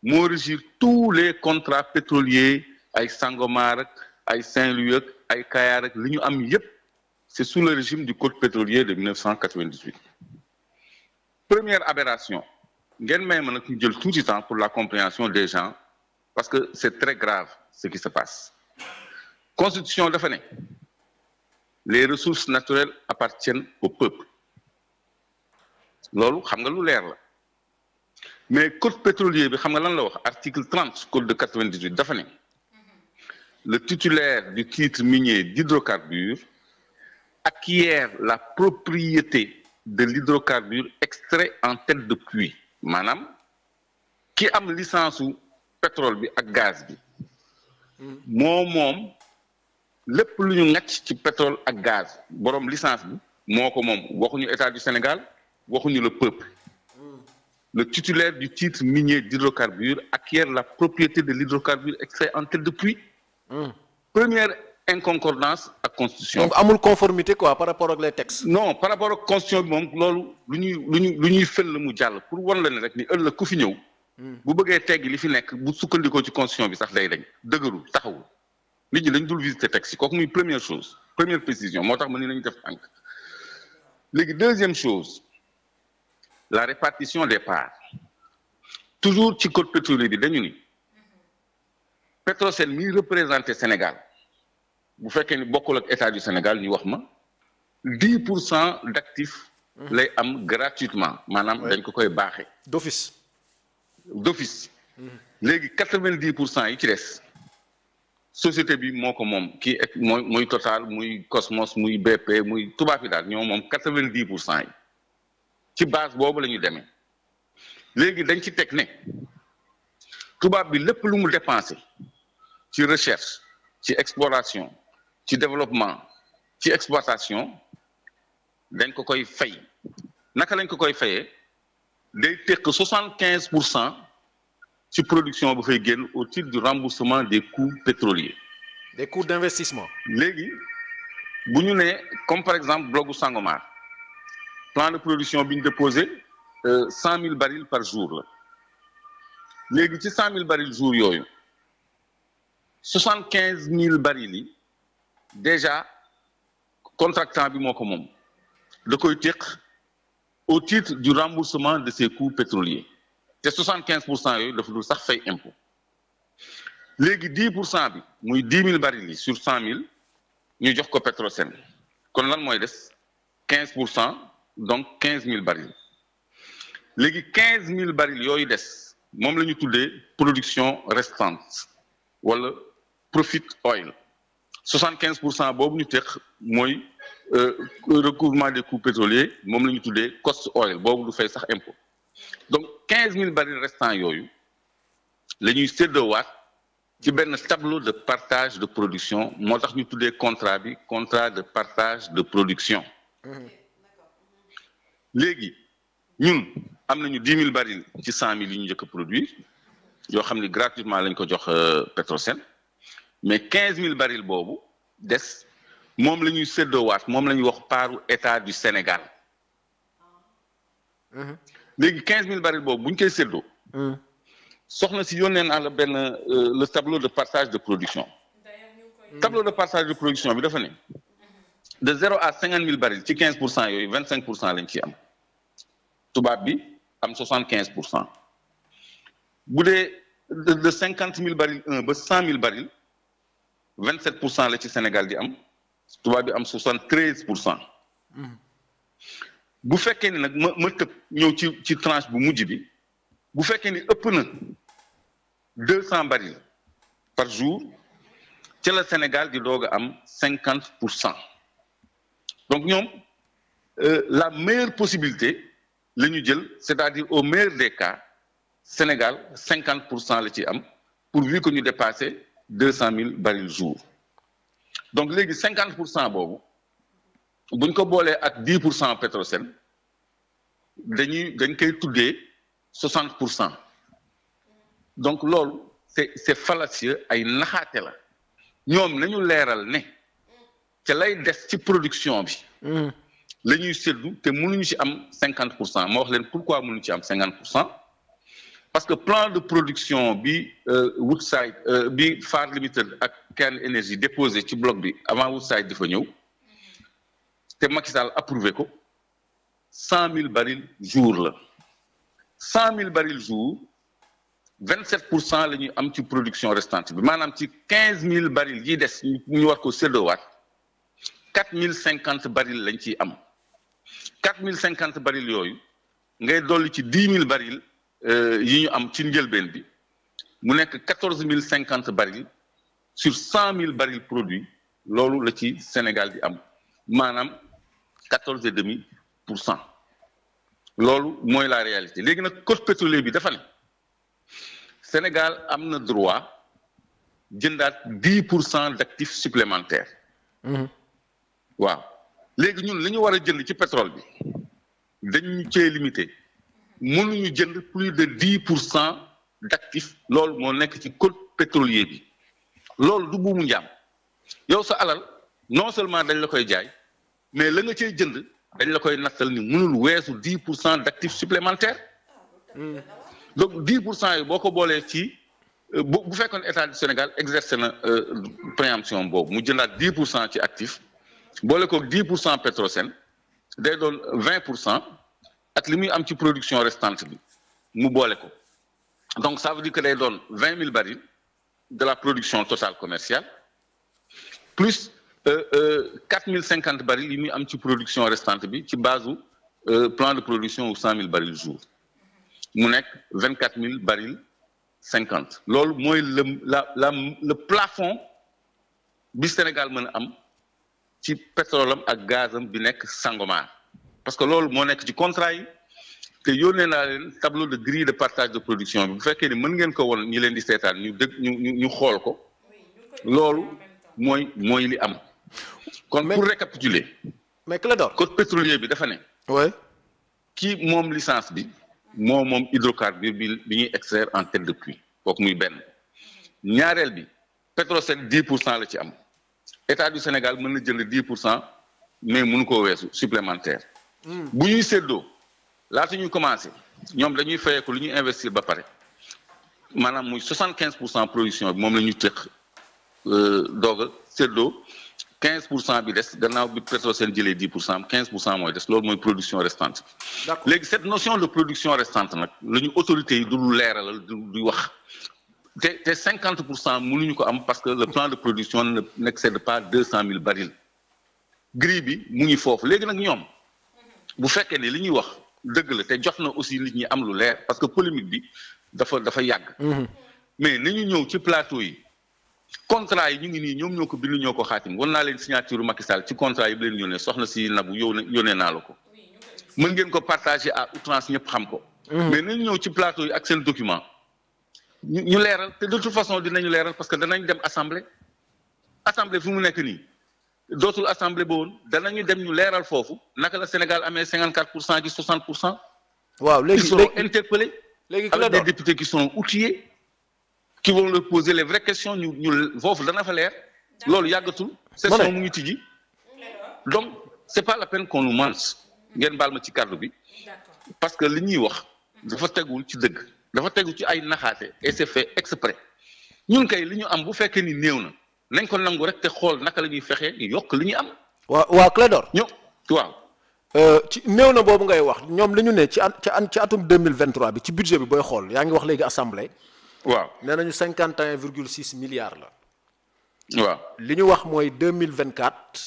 moo régir tous les contrats pétroliers ay Sangomar ak ay Saint-Louis ay Kayar ak li ñu am yépp c'est sous le régime du code pétrolier de 1998 première aberration ngeen may ma nag ñu jël tout temps pour la compréhension des gens parce que c'est très grave ce qui se passe constitution dafa ne les ressources naturelles appartiennent au peuple loolu xam nga lu leer la mais code pétrolier bi xam nga lan la wax article trente code de quatre vingt dix huit dafa ne le titulaire du titre minier d'hydrocarbures acquiert la propriété de l'hydrocarbure extrait en tête de puits maanaam ki am licence su pétrole bi ak gaz bi moom moom lépp lu ñu ngàcc ci pétrole ak gaz borom licence bi moo ko moom waxuñu état du Sénégal waxuñu le peuple le titulaire du titre minier d'hydrocarbures acquiert la propriété de l'hydrocarbure extrait en tête de puits mmh. première inconcordance ak constitution donc amul conformité quoi par rapport ak les textes non par rapport ak constitution bi moom loolu lu ñuy lu ñuy lu ñuy fël la mu jàll pour wan la ne rek ni ëllëg ku fi ñëw hmm. bu bëggee teggi li fi nekk bu sukkandikoo ci constitution bi sax day dañ dëgërul taxawul nit ñi dañ dul visiter texte yi kooku muy première chose première précision moo tax ma ni nañu def tànk léegi deuxième chose la répartition des parts toujours ci code pétrolier bi dañu ni Petrosen mi représenté Sénégal bu fekkee ni bokkul ak état du Sénégal ñu wax ma dix pour cent d' actifs mmh. lay am gratuitement maanaam dañ ko koy baaxee d'office d'office mmh. léegi quatre vingt pour cent yi ci des société bi moo ko moom kii mooy moy Total muy Cosmos muy BP muy tubaab yi daal ñoo moom quatre vingt pour cent yi ci base boobu la ñu demee léegi dañ ci teg ne tubaab bi lépp lu mu dépensé ci recherche ci exploration ci développement ci exploitation dañ ko koy fay naka lañ ko koy fayee day tekk soixante quinze pour cent ci production bu fay génn au titre du remboursement des coûts pétroliers. des coûts d'investissement. léegi bu ñu nee comme par exemple blogu Sangomar. plan de production bi ñu déposé euh, cent mille barils par jour la léegi ci cent mille barils jour yooyu soixante quinze mille barils yi déjà contractant bi moo ko moom da koy téq au titre du remboursement de ses coûts pétroliers te soixante quinze pour cent yooyu dafa dul sax fay impôt léegi dix pour bi muy dix mille barils yi sur cent mille ñu jox ko Petrosen kon lan mooy des quinze pour cent donc quinze mille barils léegi quinze mille yooyu des moom la ñu tuddee production restante wala profit oil soixante quinze pour cent boobu ñu teq mooy euh, recouvrement des coûts pétroliers moom la ñu tuddee cost oil boobu du fay sax impôt donc quinze mille barils restants yooyu la ñuy séddowaat ci benn tableau de partage de production moo tax ñu tuddee contrat bi contrat de partage de production. Mmh. léegi ñun am nañu dix mille baril ci cent mille yi ñu njëkk produit yoo xam ne gratuitement lañ ko jox euh, Petrosen mais quinze mille baril boobu des moom la ñuy séddoowaat moom la ñuy wax paaru état du Sénégal mhm. léegi quinze mille baril boobu bu ñu koy séddoo mhm. soxna si yónnee naa la benn euh, le tableau de partage de production tableau de partage de production bi dafa ne de zéro à cinquante mille baril ci quinze pour cent yooyu lañ ci am tubaab bi am soixante quinze pour cent bu dee de cinquante mille baril ba cent mille baril vingt sept pour cent la ci Sénégal di am tubaab bi am soixante treize pour cent mm-hmm. bu fekkee ni nag ma ma ñëw ci ci tranche bu mujj bi bu fekkee ni ëpp na deux cent baril par jour ca la Sénégal di doog a am cinquante pour cent donc ñoom euh, la meilleure possibilité la ñu jël c'est-à-dire au meilleur des cas Sénégal cinquante pour cent la ci am pour pourvu que ñu dépasser deux cent mille barils jour donc léegi cinquante pour cent boobu buñ ko boolee ak dix pour cent Petrosen dañuy dañ koy tuddee soixante pour cent donc loolu c'est c'est fallacieux ay naxaate la ñoom nañu leeral ne ca lay des ci production bi mm. la ñuy seetlu te mënuñu ci am cinquante pour cent ma wax leen pourquoi mënuñu ci am cinquante pour parce que plan de production bi euh, Woodside euh, bi Far Limited ak Cairn Energy déposé ci bloc bi avant Woodside dafa ñëw te Macky Sall approuvé ko cent mille barils jour la cent mille barils jour vingt sept pour cent la ñuy am ci production restante bi maanaam ci quinze mille barils yi des ñu war ko séddoowaat quatre mille cinquante barils lañ ciy am quatre mille cinquante baril yooyu ngay dolli ci dix mille baril euh, yi ñu am ci njëlbeen bi mu nekk quatorze mille cinquante baril sur cent mille baril produit loolu la ci Sénégal di am maanaam quatorze et demi pour cent loolu mooy la réalité léegi nag code pétrolier bi dafa Sénégal am na droit jëndaat dix pour cent d' actifs mm-hmm. waaw léegi ñun li ñu war a jënd ci pétrole bi dañu cee limité mënuñu jënd plus de dix pour cent d' actif loolu moo nekk ci code pétrolier bi loolu du buumu njaam yow sa alal non seulement dañ la koy jaay mais la nga cee jënd dañ la koy nattal ni mënul weesu dix pour cent d' actif supplémentaire donc dix pour cent yi boo ko boolee ci bu bu fekkoon état du Sénégal exercé na euh, préemption boobu mu jëndaat dix pour cent ci actif boole ko 10 pour cent Petrosen day doon 20 pour cent ak li muy am ci production restante bi mu boole ko donc ça veut dire que day doon 20 000 barils de la production totale commerciale plus euh, euh, 4 050 barils muy am ci production restante bi ci base u euh, plan de production wu 100 000 barils jour mu nekk 24 000 barils 50 loolu mooy le la la le plafond bi Sénégal mën a am. ci pétrole am ak gazam bi nekk Sangomar parce que loolu moo nekk ci contrat yi te yónnee naa leen tableau de grille de partage de production bi bu fekkee ni mën ngeen ko won ñi leen di seetaan ñu dëgg ñu ñu xool ko loolu mooy mooy li am. kon pour récapituler. mais Clédor code pétrolier bi dafa ne. oui kii moom licence bi moo moom hydrocarbure bi bi ñuy extraire en tête de puits kooku muy benn ñaareel bi Petrosen 10 pour cent la ci am. état du Sénégal mën na jël dix pour cent mais mënu koo weesu supplémentaire. Hmm. bu ñuy séddoo laata ñuy commencé ñoom dañuy fayeeku lu ñuy investir ba pare maanaam muy soixante quinze pour cent production bi moom la ñuy tëq euh, doog a séddoo quinze pour cent bi des gannaaw bi perso seen jëlee dix pour cent quinze pour mooy des loolu mooy production restante. léegi cette notion de production restante nag la ñu autorités yi du leeralal du wax. te te cinquante pour cent mënuñu ko am parce que le plan de production ne n'excède pas deux cent mille barils grille bi mu ngi foofu léegi nag ñoom bu fekkee ne li ñuy wax dëgg la te jox na aussi nit ñi am lu leer parce que polémique bi dafa dafa yàgg. Mm-hmm. mais ni ñu ñëw ci plateau yi contrat yi ñu ngi nii ñoom ñoo ko bind ñoo ko xaatim wan naa leen signature Macky Sall ci contrat yi bu leen yónnee soxna si nabu yow yónnee naa la ko. mën ngeen ko partager a outrance ñëpp xam ko. Mm-hmm. mais nañu ñëw ci plateau yi ak seen document. ñu ñu leeral te de toute façon dinañu leeral parce que danañ dem assemblée assemblée fi mu nekk nii dootul assemblée ba woon danañu dem ñu leeral foofu naka la Sénégal amee 54 pour cent gi 60 pour cent. waaw léegi ils seront léegi avec des députés qui sont outillés. qui vont leur poser les vraies questions ñu ñu foofu dana fa leer. loolu yàggatul. session mu ngi tijji. donc c' est pas la peine qu'on nous mente. ngeen baal ma ci kàddu bi. parce que li ñuy wax. dafa tegul ci dëgg. dafa tegu ci ay naxaate et c'est fait exprès ñun kay li ñu am bu fekkee ni néew na nañ ko nangu rek te xool naka la ñuy fexee yokk li ñu am. waa waaw Clédor. ñoom waaw. ci néew na boobu ngay wax ñoom li ñu ne ci at ci atum deux mille vingt trois bi ci budget bi booy xool yaa ngi wax léegi assemblée. waaw nee nañu cinquante et un virgule six milliards la. waaw li ñu wax mooy deux mille vingt quatre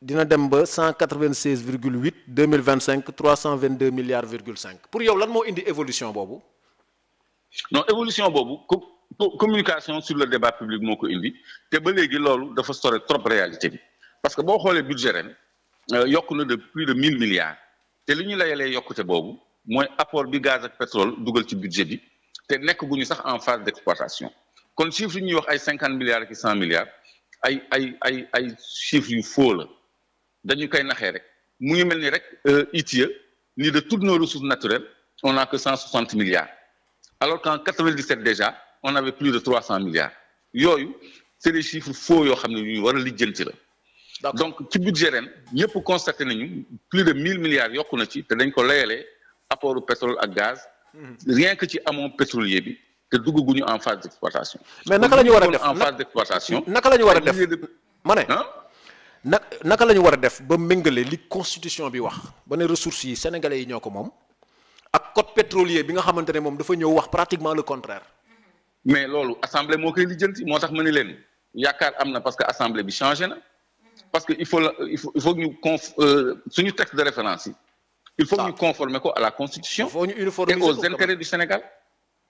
dina dem ba cent quatre vingt seize virgule huit deux mille vingt cinq trois cent vingt deux milliards virgule cinq pour yow lan moo indi évolution boobu. non évolution boobu communication sur le débat public moo ko indi te ba léegi loolu dafa sore trop réalité bi parce que boo xoolee budget ren euh, yokk na de plus de mille milliards te li ñu layalee yokkute boobu mooy apport bi gaz ak pétrole dugal ci budget bi te nekk gu ñu sax en phase d'exploitation kon chiffre yi ñuy wax ay cinquante milliards ak cent milliards ay ay ay ay chiffres yu faux la dañu koy naxee rek mu ngi mel ni rek euh, ITIE ni de tout nos ressources naturelles on n'a que cent soixante milliards alors qu'en 97 déjà on avait plus de 300 milliards yooyu c'est des chiffres faux yoo xam ne yu ñu war a lijjanti la. donc ci budget ren ñëpp constaté nañu plus de 1000 milliards yokku na ci te dañ ko layalee apportu pétrole ak gaz. Mhm. rien que ci amoon pétrolier bi te dugguñu en phase d'exploitation. mais naka la ñu war a def en phase d'exploitation. naka la ñu war a def ma ne. naka la ñu war a def ba méngale li constitution bi wax ba ne ressources yi sénégalais yi ñoo ko moom. ak code pétrolier bi nga xamante ne moom dafa ñëw wax pratiquement le contraire. mais loolu assemblée moo koy lijjanti moo tax ma ni leen yaakaar am na parce que assemblée bi changé na parce que il faut il faut il faut ñu conf euh, suñu texte de référence yi. il faut ñu conformer ko à la constitution. il faut ñu uniformiser ko et aux intérêts du Sénégal.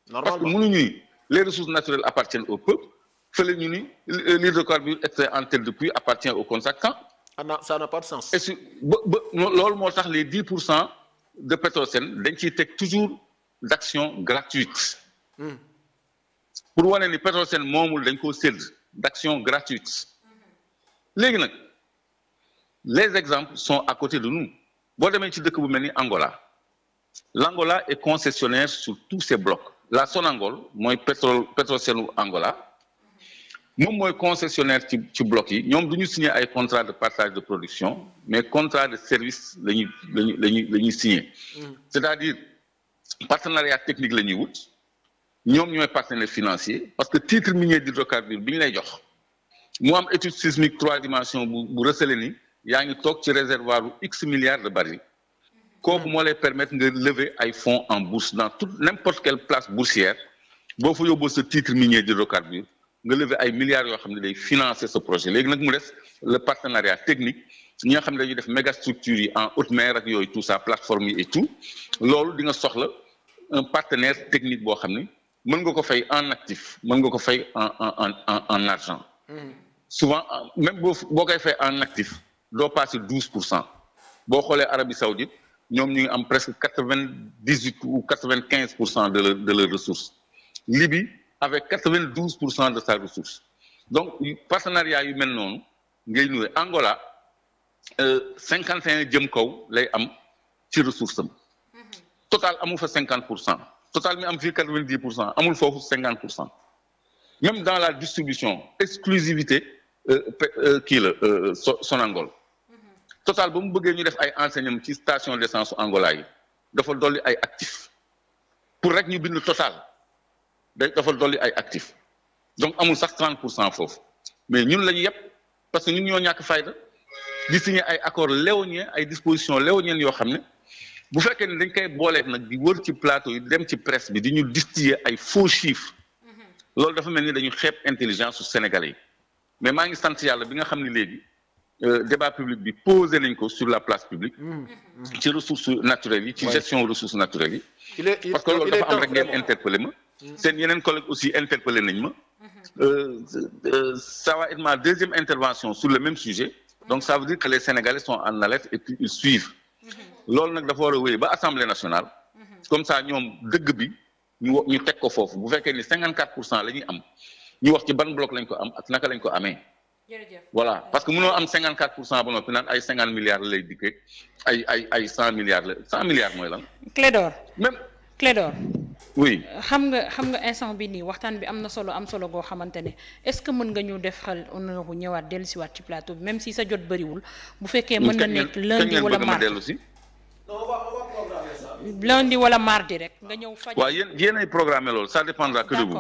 normalement parce que mënuñuy les ressources naturelles appartiennent au peuple fële ñu ni l'hydrocarbure extrait en terre de puits appartient aux contractants. ah et su moo tax les dix pour de Petrosen dañ ciy teg toujours daction action gratuite. Hmm. pour wane ni Petrosen moomul dañ koo sédd daction action gratuite. léegi nag les exemples sont à côté de nous boo demee ci dëkk bu mel ni Angola. l'Angola est concessionnaire sur tous ses blocs la Sonangol mooy pétrole Petrosen u Angola. moom mooy concessionnaire ci ci yi ñoom du ñu signer ay contrat de partage de production mais contrat de service la ñuy lañu lañuy la ñuy signer mm. c'est-à-dire partenariat technique la ñuy wut ñoom ñooy partenaire financier parce que titre minier d'hydrocarbure bi ñu lay jox mu am étude sismique trois dimensions bu bu recelé ni yaa ngi toog ci réservoir bu x milliards de barils kooku mm. moo lay permettre nga lever ay fonds en bourse dans toute n'importe quelle place boursière boo fa yóbboo sa titre minier d'hydrocarbure nga lever ay milliards yoo xam ne day financer ce projet léegi nag mu des le partenariat technique ñi nga xam ne dañuy def méga yi en haute mer ak yooyu tout sa plateforme yi et tout loolu di nga soxla un partenaire technique boo xam ne mën nga ko fay en actif mën nga ko fay en en en en argent. Mhm. souvent même boo boo koy fay en actif doo passé douze pour cent boo xoolee Arabie Saoudite ñoom ñu ngi am presque quatre vingt dix huit ou vingt quinze pour cent de leur de leurs ressources avec quatre-vingt-douze pour cent de sa ressource donc partenariat yu mel noonu ngay nuwee Angola euh, cinquante et jëm kow lay am ci ressource am total amul fa cinquante pour cent total mi am fii quatre-vingt-dix pour cent amul foofu cinquante cent même dans la distribution exclusivité euh, euh, kii la Sonangol total ba mu bëggee ñu def ay enseignants ci station d'essence Angola yi dafa dolli ay actif pour rek ñu bind total day dafa dolli ay actif donc amul sax 30 pour cent foofu mais ñun la ñu yëpp parce que ñun ñoo ñàkk fayda di ay accord léonien ay dispositions léoniennes yoo xam ne bu fekkee ne dañ koy booleeg nag di wër ci plateau yi dem ci presse bi di ñu distiller ay faux chiffres mm-hmm. loolu dafa mel ni dañu xeeb intelligence su Sénégalais yi mais maa ngi sant yàlla bi nga xam ne léegi euh, débat public bi posé nañ ko sur la place publique. Mm-hmm. Mm-hmm. ci ressources naturelles yi. ci gestion ressources naturelles yi. parce que am rek ngeen ma. seen yeneen collègue aussi interpellé nañ ma mhm. euh, euh, ça va être ma deuxième intervention sur le même sujet donc ça veut dire que les Sénégalais sont en alerte et puis ils suivent mhm. loolu nag dafa war a wéy ba assemblée nationale mhm. comme ça ñoom dëgg bi ñu ñu teg ko foofu bu fekkee ni cinquante pour cent la ñuy am ñu wax ci ban bloc lañ ko am ak naka lañ ko amee voilà parce que mënoo am cinquante quatre pour ba noppi naan ay cinquante milliards la lay dikkee ay ay ay cent milliards mooy lan Clédor même Clédor oui xam nga xam nga instant bi nii waxtaan bi am na solo am solo goo xamante ne est-ce que mën nga ñu defal honneur bu ñëwaat dellusiwaat ci plateau bi même si sa jot bëriwul bu fekkee mën na nekk lundi wala mardi lundi wala mardi rek nga ñëw faj waa yéen yéen ay programmé loolu sa dépendra que de vous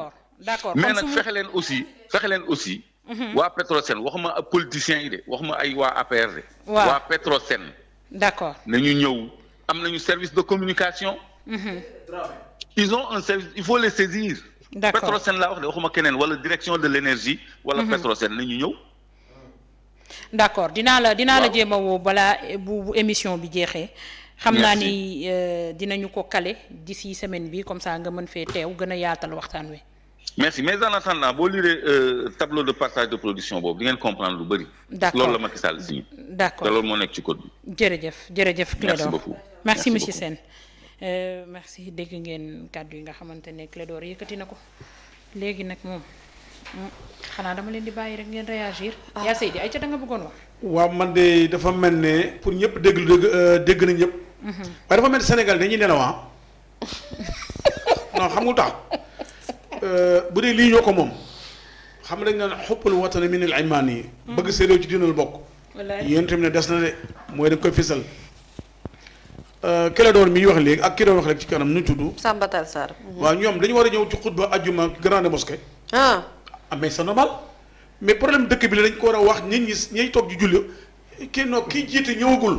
mais nag fexe leen aussi fexe leen aussi mhm. waa Petrosen ma ab politiciens yi de waxuma ay waa APR de waa Petrosen d'accord nañu ñëw am nañu de communication mhm. ils ont un service il faut les saisir. d'accord Petrosen laa wax de keneen wala direction de l'énergie. wala mhm. Petrosen la ñu ñëw. d'accord dinaa la dinaa la jéem a woo balaa bu émission bi jeexee. xam naa ni euh, dinañu ko kale d'ici semaine bi comme ça nga mën fee teew gën a yaatal waxtaan wi. merci mais en attendant boo liree euh, tableau de partage de production boobu di ngeen comprendre lu bëri. d'accord loolu la Macky Sall signé. d'accord te loolu moo nekk ci code bi. jërëjëf jërëjëf. Clédor merci beaucoup merci Euh, merci dégg ngeen kàddu yi nga xamante ne Clédor yëkkati na ko léegi nag moom hmm, xanaa dama leen di bàyyi rek ngeen réagir. Ah. yaa Seydi ay ca da bëggoon wax. waaw man de dafa mel ne pour ñëpp dégg lu euh, dégg na ñëpp. Mhm. waaye dafa mel ne Sénégal dañuy nelaw ah non xam nga tax euh, bu dee lii ñoo ko moom xam dañ naan xubbul watani minal imaan yi. Mhm. bëgg sa réew ci diinal bokk. yéen tamit ne des na de mooy da nga koy fisal. Clédor euh, mi wax léegi ak ki doon wax léegi ci kanam nu ñu tudd. Sambatal Sarr. waaw ñoom dañu war a ñëw ci xutba ajjuma grande mosquée. ah, ah mais c'est normal mais problème dëkk bi la ko war a wax nit ñi ñay toog ji julli kenn noo kii jiite ñëwagul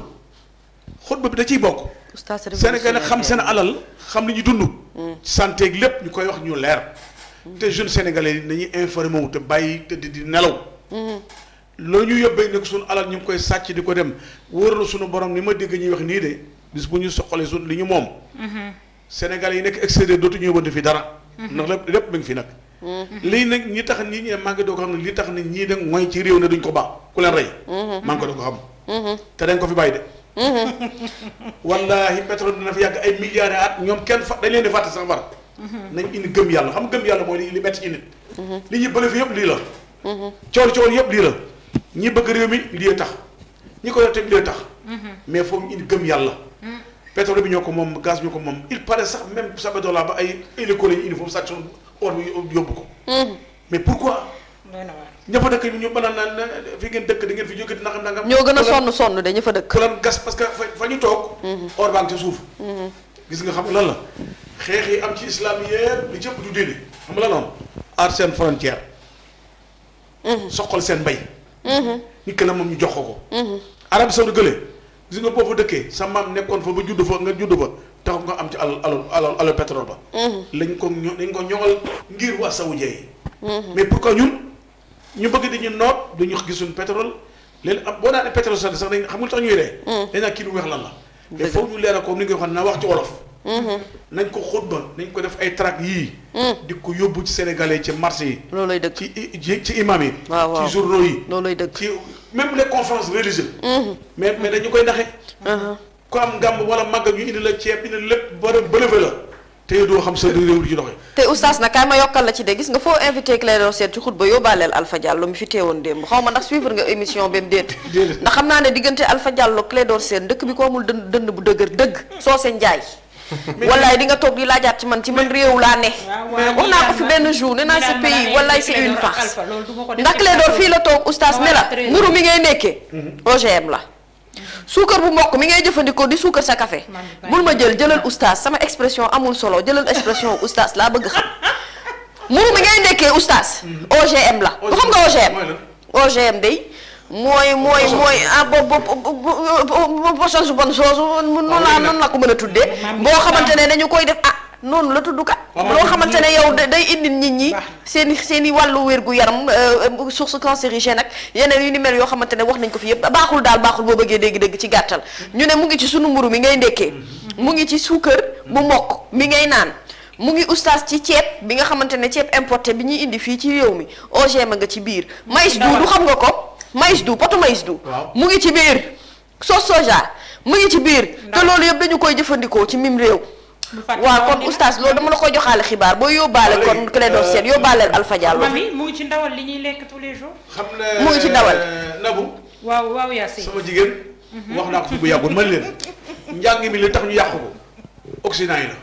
xutba bi da ciy bokk. oustaz Sénégal xam seen alal xam li ñu dund. Hmm. santé ak lépp ñu koy wax ñu leer. Hmm. te jeune sénégalais yi nañuy informé wu te bàyyi te di nelaw. Hmm. loolu ñu yóbbee ne suñu alal ñu ngi koy sàcc di ko dem wóor na suñu borom ni ma dégg ñuy wax nii de. bis bu ñu soxalee suñ li ñu moom. Sénégal yi nekk extérieur dootuñu yóbbante fi dara. ndax lépp lépp mi ngi fi nag. lii nag ñi tax nit ñi ne maa ngi doo ko xam ne li tax nit ñii nag mooy ci réew ne duñ ko baax ku leen rey. maa ngi ko doo ko xam. te dañ ko fi bàyyi de. wallaahi pétrole dina fi yàgg ay milliards at ñoom kenn fa dañ leen di fàtte sax far. nañ indi gëm yàlla xam gëm yàlla mooy li li ci nit. li ñuy bële fi yëpp lii la. coor coor yëpp lii la ñi bëgg réew mi lii tax ñi ko yor tamit lii tax. mais foofu indi gëm yàlla. pétrole bi ñoo ko moom gaz bi ñoo ko moom il paraît sax même Sabodala ba ay hélico la ñu indi foofu station or bi yóbbu ko. Mm-hmm. mais pourquoi. ña dëkk ñu banaan naan fi ngeen dëkk da ngeen fi jóge na xam na ñoo gën a sonn sonn de ña fa dëkk. lan gas parce que fa ñu mm-hmm. mm-hmm. nga xam nga lan xeex yi am ci islam yépp li jëpp du diine xam nga lan la aar seen frontière. soqal seen mbay. nit ki la moom ñu jox ko ko. arab saudi gële. gis nga boo fa dëkkee sa maam nekkoon fa ba judd fa nga judd fa tax nga am ci alal alal alal pétrole ba. Mhm. lañ ko ño lañ ko ñoŋal ngir waa Saoudien yi. Mhm. mais pourquoi ñun ñu bëgg dañu noot duñu gisuñ pétrole léegi am boo daanee sa sax sax dañ xam nga tax ñuy ree. Mhm. dañ naan kii weex lan la. dëgg te foofu ñu leeral ko ni nga ko na wax ci wolof. nañ ko xutba nañ ko def ay tract yii. di yóbbu ci sénégalais ci marché yi. loolooy dëgg ci ci imam yi. waaw waaw ci journaux yi. loolooy dëgg ci. même les conférences religieuses. Mmh. mais mais dañu koy naxe. ku am gàmm wala màgg ñu indi la ceeb indi lépp war a bëlëve la te doo xam sa réew ci doxee. te oustaz na kaay ma yokkal la ci de gis nga foo invité Clédor Sène ci xutba yóbbaaleel Alpha Diallo mi fi teewoon démb xaw ma ndax suivre nga émission bam déet. déedéet ndax xam naa ne diggante Alpha Diallo Clédor Sène dëkk bi ko amul dënd dënd bu dëgër dëgg. soo Socé Ndiaye. wallaay di nga toog di laajaat ci man ci man réew laa ne. wax naa ko fi benn jour nee naa si pays wallaay c'est une farce. ndax Clédor fii la toog oustaz ne la mburu mi ngay nekkee. Mhm. OGM la. suukar bu mbokk mi ngay jëfandikoo di suukar sa café bul ma jël jëlal oustaz sama expression amul solo jëlal expression oustaz laa bëgg xam mburu mi ngay nekkee oustaz. OGM mhm. la. OGM xam nga OGM. OGM day. mooy mooy mooy ah bo bo poson su bon soosu. waaw la noonu la ko mën a tuddee. boo xamante ne dañu koy def ah noonu la tudd kat. loo xamante ne yow day indi nit ñi. seen i seen i wàllu wér gu yaram euh, euh, source cancérigène ak yeneen yu ni mel yoo xamante ne wax nañ ko fi yëpp baaxul daal baaxul boo bëggee dégg-dégg ci gàttal. ñu ne mu ngi ci sunu mburu mi ngay ndekkee. Mm-hmm. mu ngi ci suukar bu mokk mi ngay naan. mu ngi oustaz ci ceeb bi nga xamante ne ceeb importé bi ñuy indi fii ci réew mi OGM nga ci biir. maïs duudu xam nga ko. mais maïs doux potu maïs doux. mu ngi ci biir sauce soja mu ngi ci biir. te loolu yëpp dañu koy jëfandikoo ci mim réew. waaw kon oustaz loolu dama la ko joxaale xibaar boo yóbbaale kon Clédor Sène yóbbaaleel Alpha Diallo. mu ngi ci ndawal li ñuy lekk tous les jours. xam ne mu ngi ndawal. Euh, Nabou. waaw waaw Yacine sama jigéen. Mhm. wax naa ko fi bu yàggul man leen njàng mi li tax ñu yàqu ko Occident yi la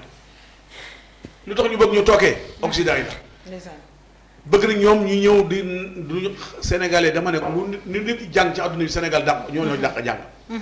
lu tax ñu bëgg ñu tookee Occident la. bëgg na ñoom ñu ñëw di du sénégalais dama ne ko lu nit nit jàng ci àdduna bi Sénégal dàq ñoo ñoo dàq jàng